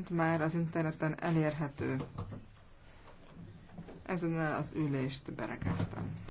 egyébként már az interneten elérhető. Ezen az ülést berekeztem.